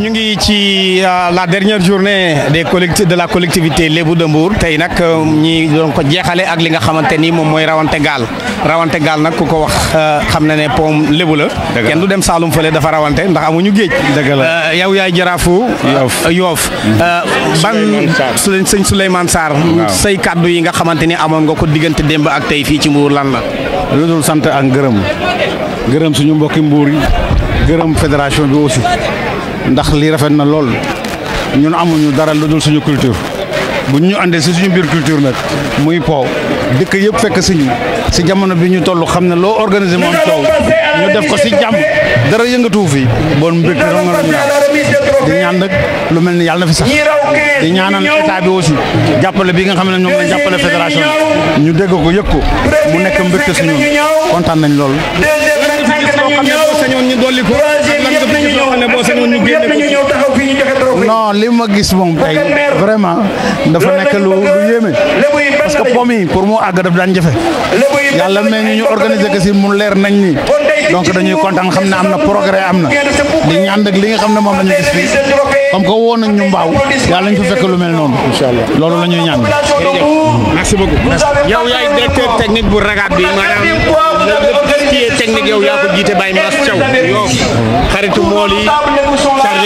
ñu ngi ci euh, la dernière journée des collect de la collectivité Lébou de Mbour tey nag euh, ñi doon ko jeexale ak li nga xamante ni moom mooy rawante gaal rawante gaal nag ku ko wax euh, xam na ne pom lébu la. kenn du dem Saalum fële dafa rawante ndax amuñu géej. yow yaay jaraafu. yoof mhm. ban sëñ Souleymane Sarr. say kàddu yi nga xamante ni amoon nga ko diggante démb ak tey fii ci Mbour lan la. lu dul sant ak gërëm gërëm suñu mbokki mbuur yi gërëm fédération bi aussi. ndax lii rafet na lool ñun amuñu dara lu dul suñu culture bu ñu àndee si suñu biir culture nag muy po dëkk yëpp fekk si ñu si jamono bi ñu toll xam ne loo organisé moom coow ñu def ko si jàmm dara yëngatuwu fi bon mbégte dama la di ñaan nag lu mel ni yàlla na fi sax di ñaanal état bi aussi jàppale bi nga xam ne ñoom la jàppale fédération ñu dégg ko yëg ko mu nekk mbégte si kontaan nañ lool. non li ma gis mom tay vraiment dafa nek lu yeme parce que pomi pour mo ag daf daan jafé yalla may ñu organiser que si mu leer nañ ni donc dañuy kontaan xamna amna progrès amna di ñand ak li nga xam mom lañu gis fi comme ko won ak ñu mbaaw yalla ñu fa fekk lu mel non inshallah allah lañu ñaan merci beaucoup yow yaay directeur technique bu ragat bi manam lépp lépp technique yow ya ko jiite Baye Mass ciow yo xaritu mool yi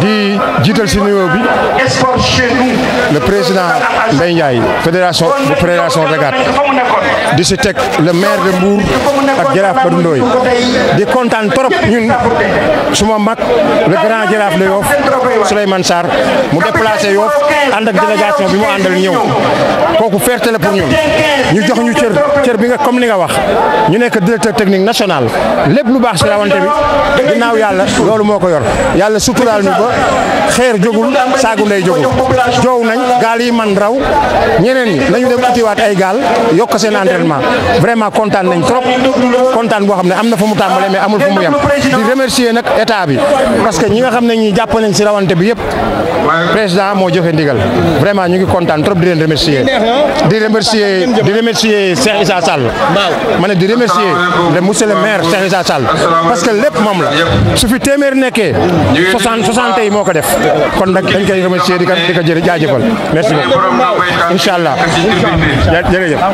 di jiital si nuyoo bi le président Mbaye Ndiaye fédération fédération Regat di si teg le maire de Mbour ak jaraaf Badou Ndoye di kontaan trop ñun suma mag le grand jaraaf de Yoff Souleymane Sarr mu déplacé Yoff ànd ak délégation bi mu àndal ñëw kooku fierté la pour ñun. ñu jox ñu cër cër bi nga comme ni nga wax ñu nek directeur technique national lepp lu bax ci rawante bi ginaaw yalla lolu moko yor yalla suturaal ñu ba xeer jogul sagu lay jogul jow nañ gal yi man raw ñeneen ñi lañu dem utiwaat ay gal yok seen entraînement vraiment kontaan nañ trop kontaan bo xamne ne fu mu tàmbalee mais amul fu mu yam di remercier nak état bi parce que ñi nga xamne ne ñi japp nañ ci rawante bi yépp président mo joxe ndigal vraiment ñu ngi kontaan trop di len remercier di remercier remercier Cheikh Issa Sall ma ne di remercier le monsieur le maire Cheikh Issa Sall parce que lépp moom la su fi téeméer nekkee soixante soixante yi moo ko def kon nag dañ koy remercier di ko di ko jërë jaajëfal merci beaucoup incha allah jërëjëf